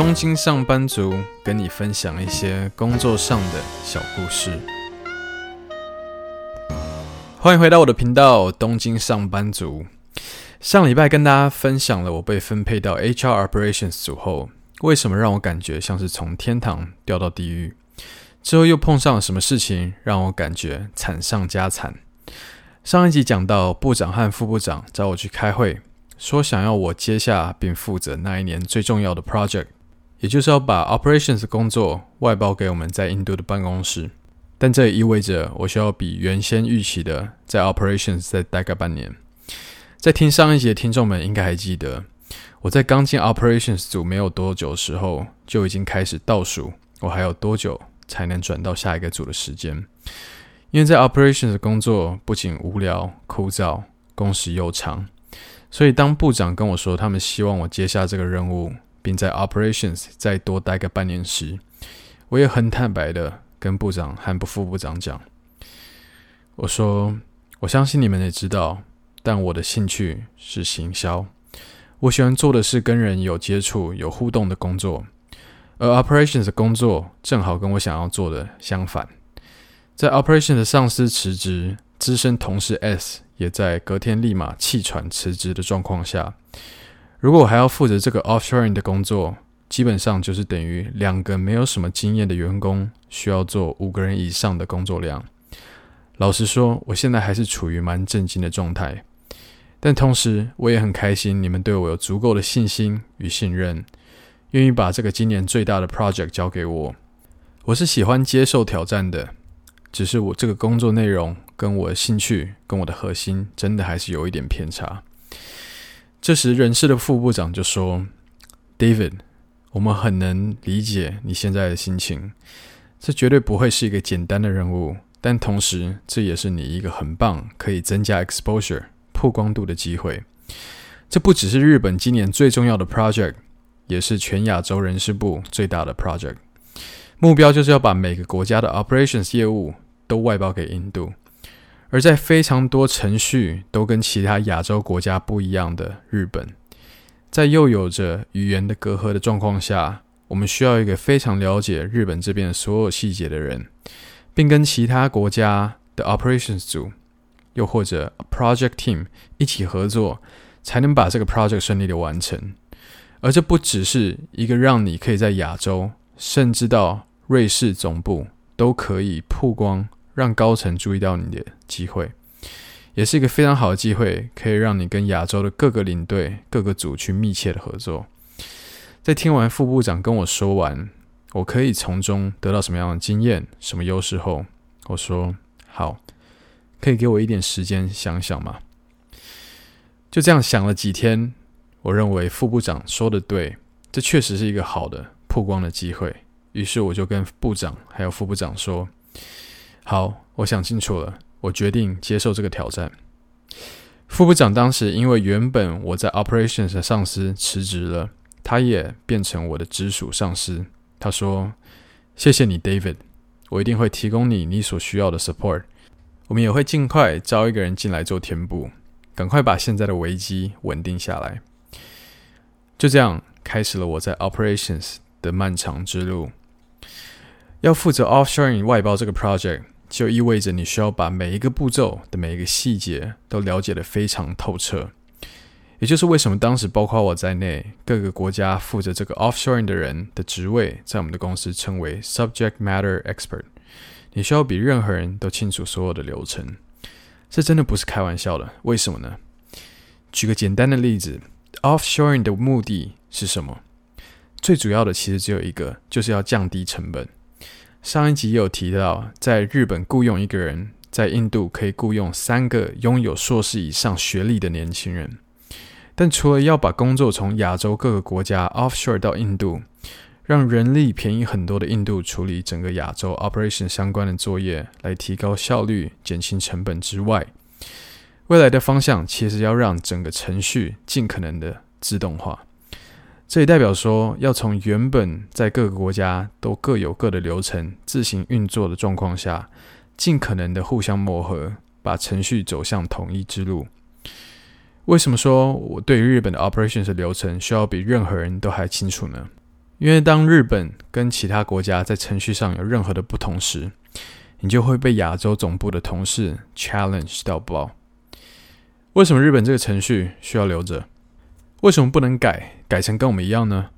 東京上班族跟你分享一些工作上的小故事。歡迎回到我的頻道《東京上班族》。上禮拜跟大家分享了我被分配到 HR Operations 組後，為什麼讓我感覺像是從天堂掉到地獄？之後又碰上了什麼事情讓我感覺慘上加慘？上一集講到部長和副部長找我去開會，說想要我接下並負責那一年最重要的 project。也就是要把 operations 工作外包給我們在印度的辦公室，但這也意味着我需要比原先預期的在 operations 再待個半年。在聽上一集的聽眾們應該還記得，我在剛進 operations 組沒有多久的時候就已經開始倒數我還有多久才能轉到下一個組的時間，因為在 operations 工作不僅無聊枯燥，工時又長，所以當部長跟我說他們希望我接下這個任務。並在 operations 再多待個半年時，我也很坦白的跟部長和副部長講，我說我相信你們也知道，但我的興趣是行銷，我喜歡做的是跟人有接觸、有互動的工作，而 operations 的工作正好跟我想要做的相反。在 operations 的上司辭職，資深同事 S 也在隔天立馬棄船辭職的狀況下。如果我還要負責這個 offshoring 的工作，基本上就是等於兩個沒有什麼經驗的員工需要做五個人以上的工作量。老實說，我現在還是處於蠻震驚的狀態，但同時我也很開心，你們對我有足夠的信心與信任，願意把這個今年最大的 project 交給我。我是喜歡接受挑戰的，只是我這個工作內容跟我的興趣跟我的核心真的還是有一點偏差。這時，人事的副部長就說：“David，我們很能理解你現在的心情。這絕對不會是一個簡單的任務，但同時這也是你一個很棒、可以增加 exposure 曝光度的機會。這不只是日本今年最重要的 project，也是全亞洲人事部最大的 project。目標就是要把每個國家的 operations 業務都外包給印度。”而在非常多程序都跟其他亞洲國家不一樣的日本，在又有着語言的隔閡的狀況下，我們需要一個非常了解日本這邊所有細節的人，並跟其他國家的 operations 組，又或者 project team 一起合作，才能把這個 project 順利的完成。而這不只是一個讓你可以在亞洲，甚至到瑞士總部都可以曝光，讓高層注意到你的機會，也是一個非常好的機會，可以讓你跟亞洲的各個領隊、各個組去密切的合作。在聽完副部長跟我說完，我可以從中得到什麼樣的經驗、什麼優勢後，我說：“好，可以給我一點時間想想嗎？”就這樣想了幾天，我認為副部長說的對，這確實是一個好的曝光的機會。於是我就跟部長還有副部長說。好，我想清楚了，我決定接受這個挑戰。副部長當時因為原本我在 Operations 的上司辭職了，他也變成我的直屬上司。他說：“謝謝你，David，我一定會提供你你所需要的 support。我們也會尽快招一個人進來做填補，趕快把現在的危機穩定下來。”就這樣，開始了我在 Operations 的漫長之路，要負責 Offshoring 外包這個 project。就意味着你需要把每一個步驟的每一個細節都了解得非常透徹，也就是為什麼當時包括我在內各個國家負責這個 offshoring 的人的職位，在我們的公司稱為 subject matter expert。你需要比任何人都清楚所有的流程，這真的不是開玩笑的。為什麼呢？舉個簡單的例子，offshoring 的目的是什麼？最主要的其實只有一個，就是要降低成本。上一集也有提到，在日本雇傭一個人，在印度可以雇傭三個擁有碩士以上學歷的年輕人。但除了要把工作從亞洲各個國家 offshore 到印度，讓人力便宜很多的印度處理整個亞洲 operation 相關的作業，來提高效率、減輕成本之外，未來的方向其實要讓整個程序盡可能的自動化。這也代表說，要從原本在各個國家都各有各的流程、自行運作的狀況下，盡可能的互相磨合，把程序走向統一之路。為什麼說我對於日本的 operations 的流程需要比任何人都還清楚呢？因為當日本跟其他國家在程序上有任何的不同時，你就會被亞洲總部的同事 challenge 到爆。為什麼日本這個程序需要留着？為什麼不能改，改成跟我們一樣呢？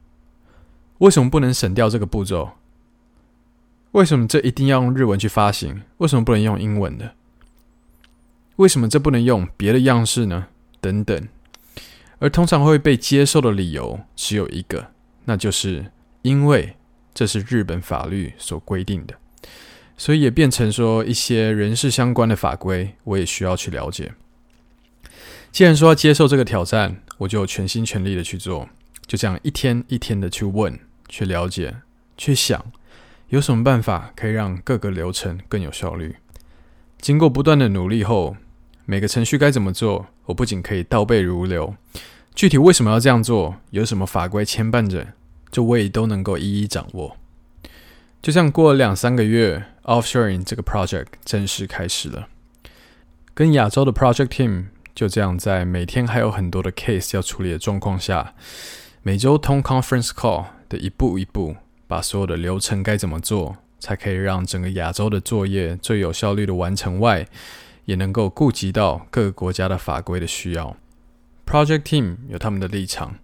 為什麼不能省掉這個步驟？為什麼這一定要用日文去發行？為什麼不能用英文呢？為什麼這不能用別的樣式呢？等等。而通常會被接受的理由只有一個，那就是因為這是日本法律所規定的，所以也變成說一些人事相關的法規，我也需要去了解。既然說要接受這個挑戰，我就全心全力的去做，就這樣一天一天的去問、去了解、去想，有什麼辦法可以讓各個流程更有效率。經過不斷的努力後，每個程序該怎麼做，我不僅可以倒背如流，具體為什麼要這樣做，有什麼法規牽絆着，這我也都能夠一一掌握。就這樣過了兩三個月，Offshoring 這個 project 正式開始了，跟亞洲的 project team。就這樣，在每天還有很多的 case 要處理的狀況下，每周通 conference call 的一步一步，把所有的流程該怎麼做，才可以讓整個亞洲的作業最有效率的完成外，也能夠顧及到各個國家的法規的需要。Project team 有他們的立場，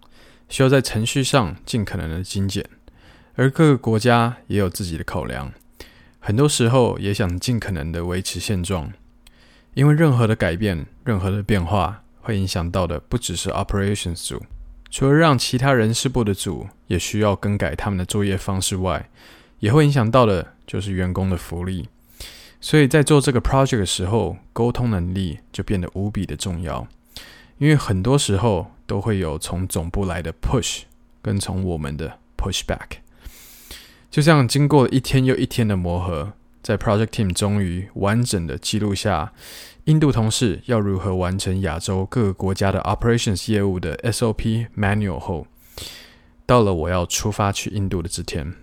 需要在程序上盡可能的精簡，而各個國家也有自己的考量，很多時候也想盡可能的維持現狀。因為任何的改變、任何的變化，會影響到的不只是 operations 組，除了讓其他人事部的組也需要更改他們的作業方式外，也會影響到的就是員工的福利。所以在做這個 project 的時候，溝通能力就變得無比的重要。因為很多時候都會有從總部來的 push，跟從我們的 push back，就這樣經過一天又一天的磨合。在 Project Team 終於完整的記錄下印度同事要如何完成亞洲各個國家的 Operations 業務的 SOP Manual 後，到了我要出發去印度的這天，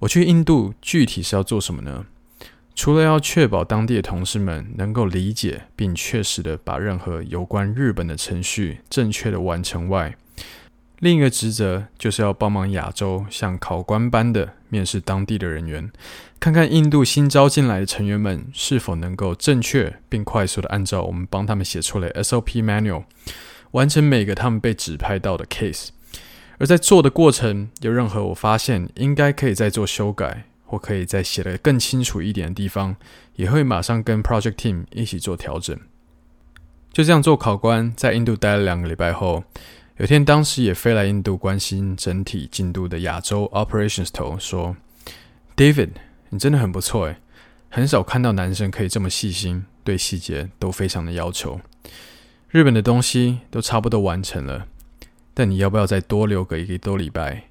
我去印度具體是要做什麼呢？除了要確保當地的同事們能夠理解並確實的把任何有關日本的程序正確的完成外，另一個職責就是要幫忙亞洲像考官般的。面試當地的人員，看看印度新招進來的成員們是否能夠正確並快速地按照我們幫他們寫出來的 SOP Manual 完成每個他們被指派到的 case。而在做的過程，有任何我發現應該可以再做修改或可以再寫得更清楚一點的地方，也會馬上跟 project team 一起做調整。就這樣做考官在印度待了兩個禮拜後。有天，當時也飛來印度關心整體進度的亞洲 operations 頭說：“David，你真的很不錯誒，很少看到男生可以這麼細心，對細節都非常的要求。日本的東西都差不多完成了，但你要不要再多留個一個多禮拜，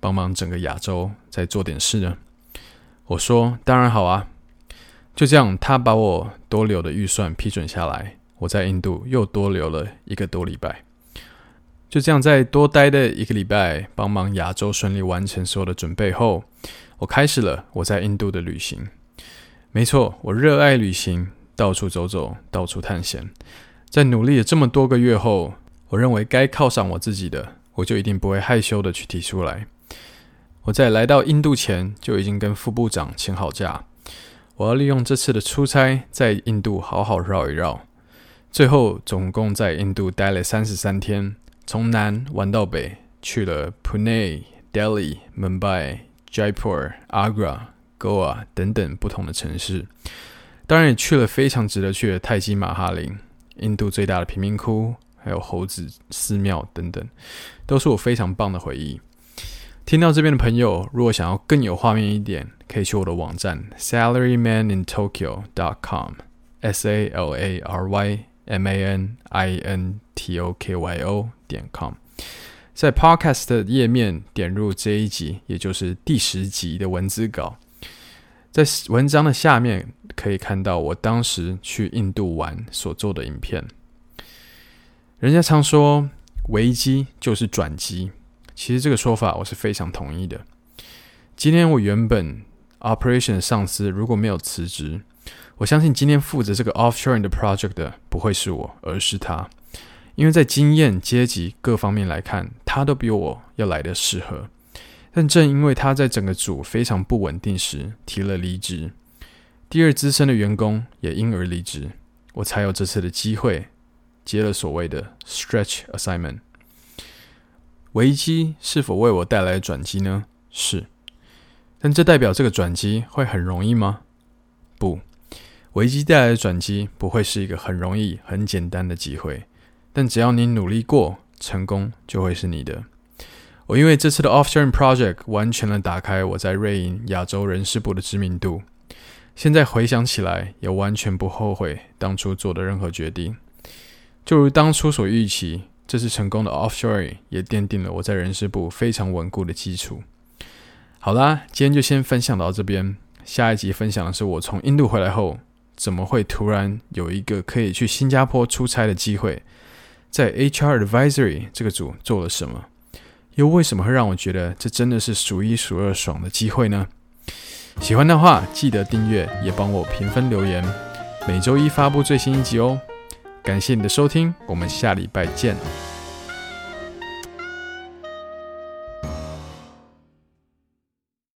幫忙整個亞洲再做點事呢？”我說：“當然好啊。”就這樣，他把我多留的預算批准下來，我在印度又多留了一個多禮拜。就這樣，在多待的一個禮拜，幫忙亞洲順利完成所有的準備後，我開始了我在印度的旅行。沒錯，我熱愛旅行，到處走走，到處探險。在努力了這麼多個月後，我認為該犒賞我自己的，我就一定不會害羞的去提出來。我在來到印度前就已經跟副部長請好假，我要利用這次的出差在印度好好繞一繞。最後，總共在印度待了三十三天。從南玩到北，去了 Pune、Delhi、Mumbai、Jaipur、Agra、Goa 等等不同的城市，當然也去了非常值得去的泰姬瑪哈陵，印度最大的貧民窟，還有猴子寺廟等等，都是我非常棒的回憶。聽到這邊的朋友，如果想要更有畫面一點，可以去我的網站 salarymanintokyo.com，s a l a r y m a n i n t o k y o。點 com，在 Podcast 頁面點入這一集，也就是第十集的文字稿，在文章的下面可以看到我當時去印度玩所做的影片。人家常說危機就是轉機，其實這個說法我是非常同意的。今天我原本 Operation 的上司如果沒有辭職，我相信今天負責這個 Offshoring 的 Project 的不會是我，而是他。因為在經驗、階級各方面來看，他都比我要來得適合。但正因為他在整個組非常不穩定時提了離職，第二資深的員工也因而離職，我才有這次的機會接了所謂的 stretch assignment。危機是否為我帶來的轉機呢？是。但這代表這個轉機會很容易嗎？不，危機帶來的轉機不會是一個很容易、很簡單的機會。但只要你努力過，成功就會是你的。我、哦、因為這次的 Offshoring Project 完全的打開我在瑞銀亞洲人事部的知名度。現在回想起來，也完全不後悔當初做的任何決定。就如當初所預期，這次成功的 Offshoring 也奠定了我在人事部非常穩固的基礎。好啦，今天就先分享到這邊。下一集分享的是我從印度回來後，怎麼會突然有一個可以去新加坡出差的機會？在 HR Advisory 這個組做了什麼？又為什麼會讓我覺得這真的是數一數二爽的機會呢？喜歡的話記得訂閱，也幫我評分留言。每周一發布最新一集哦！感謝你的收聽，我們下禮拜見。